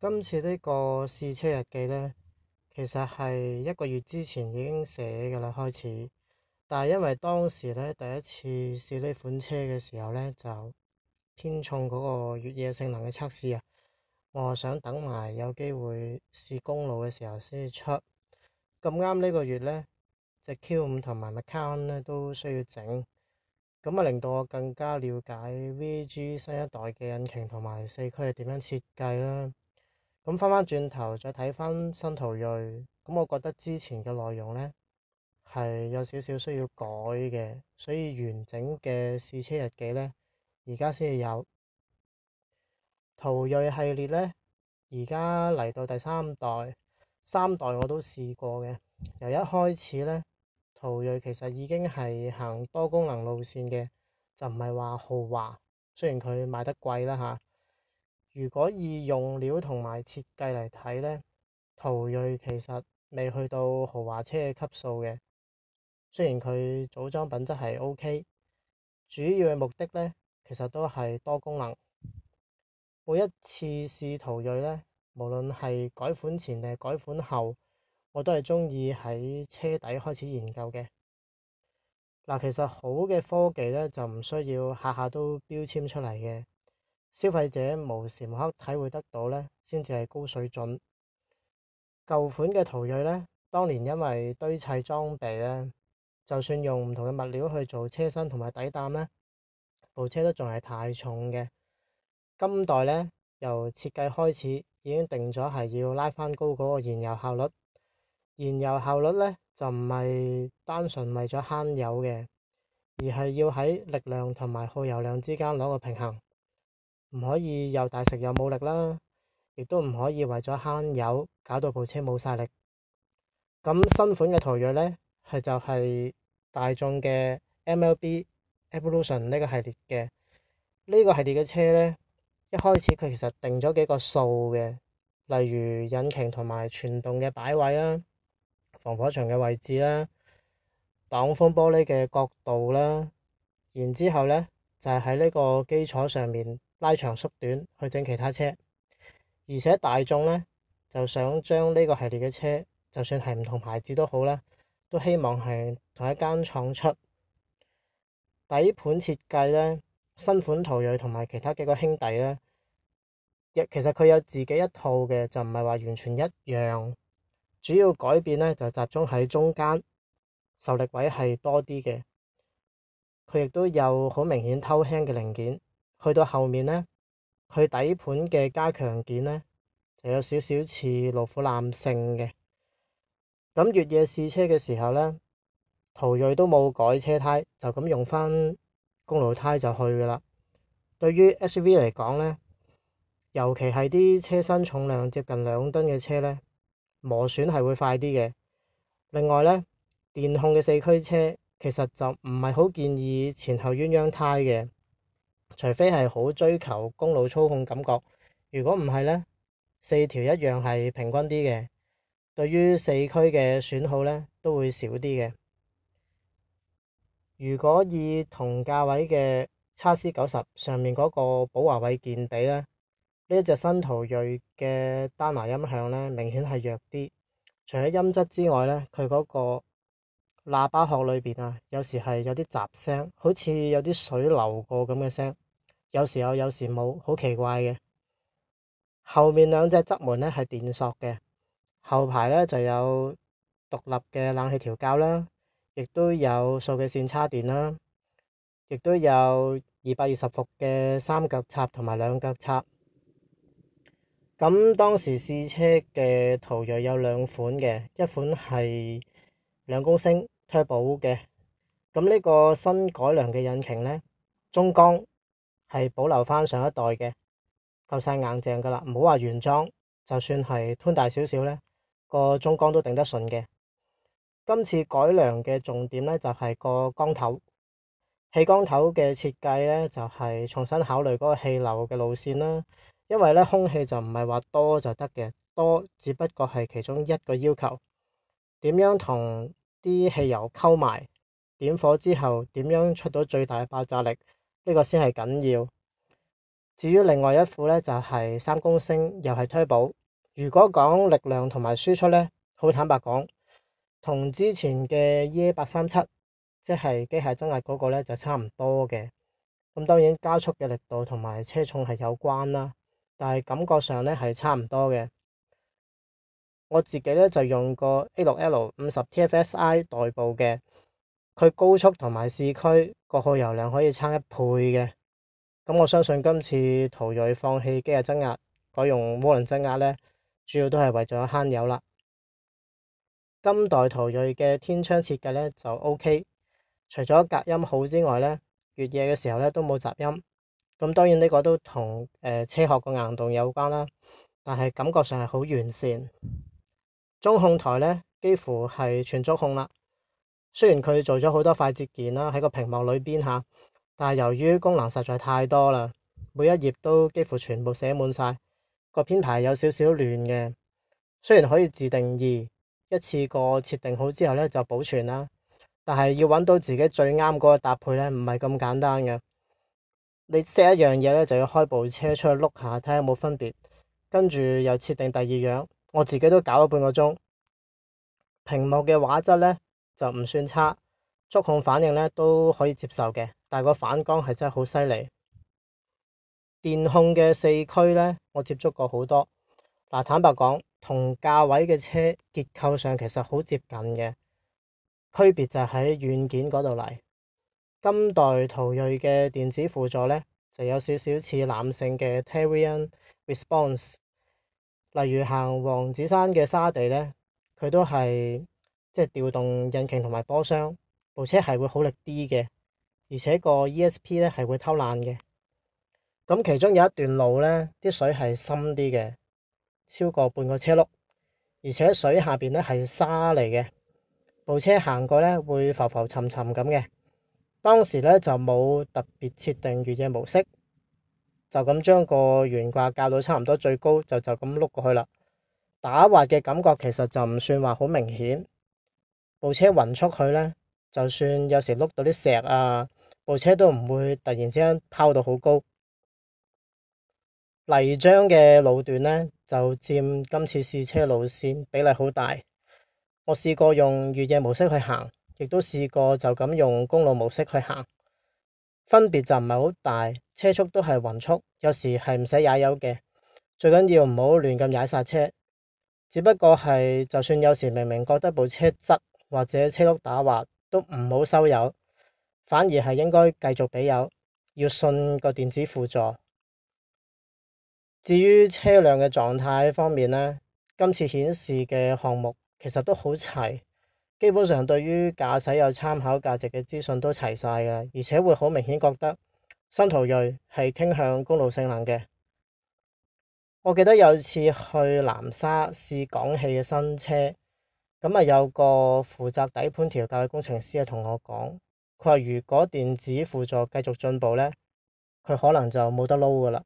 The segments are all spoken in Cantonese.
今次呢個試車日記呢，其實係一個月之前已經寫㗎啦，開始。但係因為當時呢，第一次試呢款車嘅時候呢，就偏重嗰個越野性能嘅測試啊，我想等埋有機會試公路嘅時候先出。咁啱呢個月呢，即 Q 五同埋 Macan 呢都需要整，咁啊令到我更加了解 V G 新一代嘅引擎同埋四驅係點樣設計啦。咁返返轉頭再睇返新途銳，咁我覺得之前嘅內容呢係有少少需要改嘅，所以完整嘅試車日記呢，而家先至有。途銳系列呢，而家嚟到第三代，三代我都試過嘅。由一開始呢，途銳其實已經係行多功能路線嘅，就唔係話豪華，雖然佢賣得貴啦嚇。哈。如果以用料同埋設計嚟睇呢，途銳其實未去到豪華車嘅級數嘅。雖然佢組裝品質係 OK，主要嘅目的呢，其實都係多功能。每一次試途銳呢，無論係改款前定係改款後，我都係鍾意喺車底開始研究嘅。嗱，其實好嘅科技呢，就唔需要下下都標籤出嚟嘅。消費者無時無刻體會得到呢，先至係高水準。舊款嘅途銳呢，當年因為堆砌裝備呢，就算用唔同嘅物料去做車身同埋底膽呢，部車都仲係太重嘅。今代呢，由設計開始已經定咗係要拉返高嗰個燃油效率。燃油效率呢，就唔係單純為咗慳油嘅，而係要喺力量同埋耗油量之間攞個平衡。唔可以又大食又冇力啦，亦都唔可以為咗慳油搞到部車冇晒力。咁新款嘅途銳呢，係就係大眾嘅 MLB Evolution 呢個系列嘅。呢個系列嘅車呢，一開始佢其實定咗幾個數嘅，例如引擎同埋傳動嘅擺位啦，防火牆嘅位置啦，擋風玻璃嘅角度啦，然之後呢，就係喺呢個基礎上面。拉長縮短去整其他車，而且大眾呢就想將呢個系列嘅車，就算係唔同牌子都好啦，都希望係同一間廠出。底盤設計呢，新款途銳同埋其他幾個兄弟呢，其實佢有自己一套嘅，就唔係話完全一樣。主要改變呢，就集中喺中間，受力位係多啲嘅，佢亦都有好明顯偷輕嘅零件。去到後面呢，佢底盤嘅加強件呢，就有少少似路虎攬勝嘅。咁越野試車嘅時候呢，途銳都冇改車胎，就咁用返公路胎就去噶啦。對於 SUV 嚟講呢，尤其係啲車身重量接近兩噸嘅車呢，磨損係會快啲嘅。另外呢，電控嘅四驅車其實就唔係好建議前後鴛鴦胎嘅。除非係好追求公路操控感覺，如果唔係呢，四條一樣係平均啲嘅，對於四驅嘅損耗呢，都會少啲嘅。如果以同價位嘅叉 C 九十上面嗰個寶華偉健比呢，只呢一隻新途銳嘅丹拿音響呢，明顯係弱啲。除咗音質之外呢，佢嗰個喇叭殼裏邊啊，有時係有啲雜聲，好似有啲水流過咁嘅聲。有時候有時冇，好奇怪嘅，後面兩隻側門呢係電索嘅，後排呢就有獨立嘅冷氣調校啦，亦都有數據線插電啦，亦都有二百二十伏嘅三腳插同埋兩腳插。咁當時試車嘅途睿有兩款嘅，一款係兩公升推 u 嘅，咁呢個新改良嘅引擎呢，中缸，係保留返上一代嘅，夠晒硬淨㗎啦，唔好話原裝，就算係寬大少少呢，個中缸都頂得順嘅。今次改良嘅重點呢，就係個缸頭，氣缸頭嘅設計呢，就係重新考慮嗰個氣流嘅路線啦。因為呢，空氣就唔係話多就得嘅，多只不過係其中一個要求。點樣同啲汽油溝埋？點火之後，點樣出到最大嘅爆炸力？呢個先係緊要。至於另外一副呢，就係、是、三公升，又係 Turbo。如果講力量同埋輸出呢，好坦白講，同之前嘅 EA 八三七，即係機械增壓嗰個呢，就差唔多嘅。咁當然加速嘅力度同埋車重係有關啦，但係感覺上呢，係差唔多嘅。我自己呢，就用過 A 六 L 五十 TFSI 代步嘅。佢高速同埋市區個耗油量可以差一倍嘅，咁我相信今次途銳放棄機械增壓，改用渦輪增壓呢，主要都係為咗慳油啦。今代途銳嘅天窗設計呢就 OK，除咗隔音好之外呢，越野嘅時候呢都冇雜音。咁當然呢個都同誒、呃、車殼個硬度有關啦，但係感覺上係好完善。中控台呢幾乎係全觸控啦。雖然佢做咗好多快捷鍵啦，喺個屏幕裏邊嚇，但係由於功能實在太多啦，每一頁都幾乎全部寫滿晒，個編排有少少亂嘅。雖然可以自定義，一次過設定好之後呢就保存啦，但係要揾到自己最啱嗰個搭配呢，唔係咁簡單嘅。你 set 一樣嘢呢，就要開部車出去碌下睇下有冇分別，跟住又設定第二樣，我自己都搞咗半個鐘。屏幕嘅畫質呢，就唔算差，觸控反應咧都可以接受嘅，但係個反光係真係好犀利。電控嘅四驅呢，我接觸過好多。嗱，坦白講，同價位嘅車結構上其實好接近嘅，區別就喺軟件嗰度嚟。今代途銳嘅電子輔助呢，就有少少似攬勝嘅 Terrain Response。例如行王子山嘅沙地呢，佢都係。即係調動引擎同埋波箱，部車係會好力啲嘅，而且個 ESP 咧係會偷懶嘅。咁其中有一段路呢，啲水係深啲嘅，超過半個車轆，而且水下邊呢係沙嚟嘅，部車行過呢會浮浮沉沉咁嘅。當時呢就冇特別設定越野模式，就咁將個懸掛校到差唔多最高，就就咁碌過去啦。打滑嘅感覺其實就唔算話好明顯。部車勻速去呢，就算有時碌到啲石啊，部車都唔會突然之間拋到好高。泥漿嘅路段呢，就佔今次試車路線比例好大。我試過用越野模式去行，亦都試過就咁用公路模式去行，分別就唔係好大，車速都係勻速，有時係唔使踩油嘅。最緊要唔好亂咁踩煞車。只不過係，就算有時明明覺得部車質，或者車轆打滑都唔好收油，反而係應該繼續俾油。要信個電子輔助。至於車輛嘅狀態方面呢，今次顯示嘅項目其實都好齊，基本上對於駕駛有參考價值嘅資訊都齊曬㗎喇，而且會好明顯覺得新途銳係傾向公路性能嘅。我記得有次去南沙試廣汽嘅新車。咁啊，有個負責底盤調教嘅工程師啊，同我講，佢話如果電子輔助繼續進步呢，佢可能就冇得撈噶啦。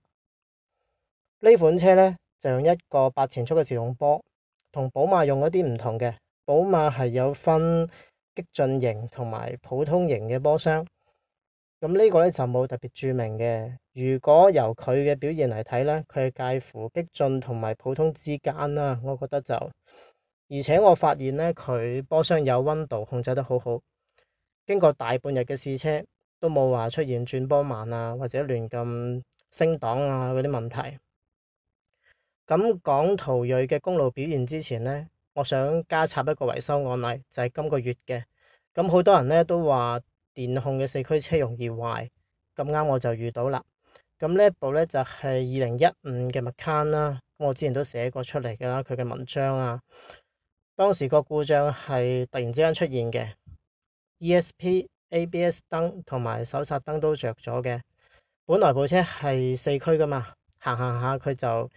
呢款車呢，就用一個八前速嘅自動波，同寶馬用嗰啲唔同嘅。寶馬係有分激進型同埋普通型嘅波箱。咁呢個呢，就冇特別著名嘅。如果由佢嘅表現嚟睇呢，佢係介乎激進同埋普通之間啦。我覺得就。而且我發現呢，佢波箱有溫度控制得好好。經過大半日嘅試車，都冇話出現轉波慢啊，或者亂咁升檔啊嗰啲問題。咁講途銳嘅公路表現之前呢，我想加插一個維修案例，就係今個月嘅。咁好多人呢都話電控嘅四驅車容易壞，咁啱我就遇到啦。咁呢一部呢，就係二零一五嘅麥卡啦。我之前都寫過出嚟㗎啦，佢嘅文章啊。當時個故障係突然之間出現嘅，ESP、ABS 燈同埋手剎燈都着咗嘅。本來部車係四驅噶嘛，行行下佢就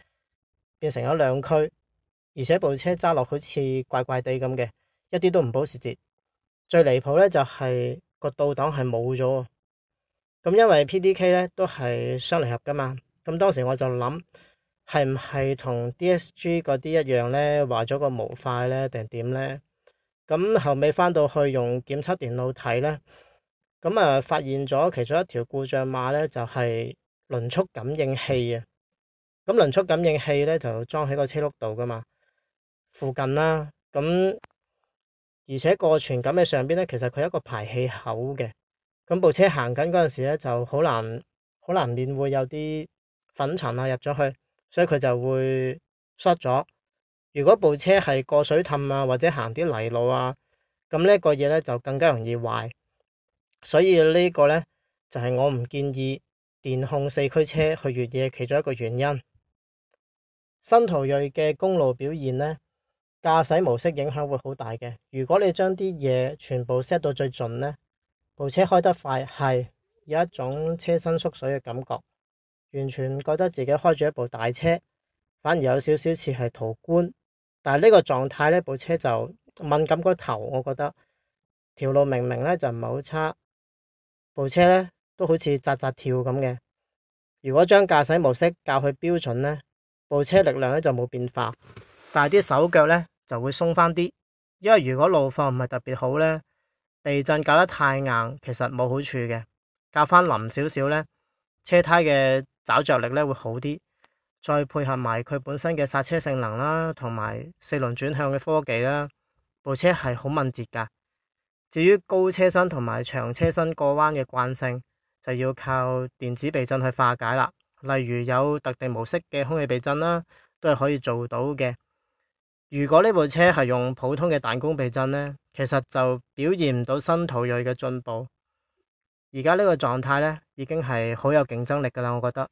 變成咗兩驅，而且部車揸落好似怪怪地咁嘅，一啲都唔保時捷。最離譜呢就係個倒檔係冇咗，咁因為 PDK 呢都係雙離合噶嘛。咁當時我就諗。係唔係同 DSG 嗰啲一樣呢？壞咗個模塊呢？定係點呢？咁後尾返到去用檢測電腦睇呢，咁啊發現咗其中一條故障碼呢，就係輪速感應器啊。咁輪速感應器呢，就裝喺個車轆度噶嘛，附近啦。咁而且個傳感器上邊呢，其實佢有一個排氣口嘅。咁部車行緊嗰陣時呢，就好難好難免會有啲粉塵啊入咗去。所以佢就會甩咗。如果部車係過水氹啊，或者行啲泥路啊，咁呢個嘢呢就更加容易壞。所以呢個呢，就係我唔建議電控四驅車去越野其中一個原因。新途銳嘅公路表現呢，駕駛模式影響會好大嘅。如果你將啲嘢全部 set 到最盡呢，部車開得快係有一種車身縮水嘅感覺。完全唔覺得自己開住一部大車，反而有少少似係途觀。但係呢個狀態呢，部車就敏感過頭，我覺得條路明明呢就唔係好差，部車呢都好似扎扎跳咁嘅。如果將駕駛模式較去標準呢，部車力量呢就冇變化，但係啲手腳呢就會鬆返啲。因為如果路況唔係特別好呢，避震較得太硬其實冇好處嘅，較返冧少少呢，車胎嘅找着力咧，會好啲，再配合埋佢本身嘅剎車性能啦，同埋四輪轉向嘅科技啦，部車係好敏捷噶。至於高車身同埋長車身過彎嘅慣性，就要靠電子避震去化解啦。例如有特定模式嘅空氣避震啦，都係可以做到嘅。如果呢部車係用普通嘅彈弓避震呢，其實就表現唔到新途銳嘅進步。而家呢個狀態咧，已經係好有競爭力㗎喇，我覺得。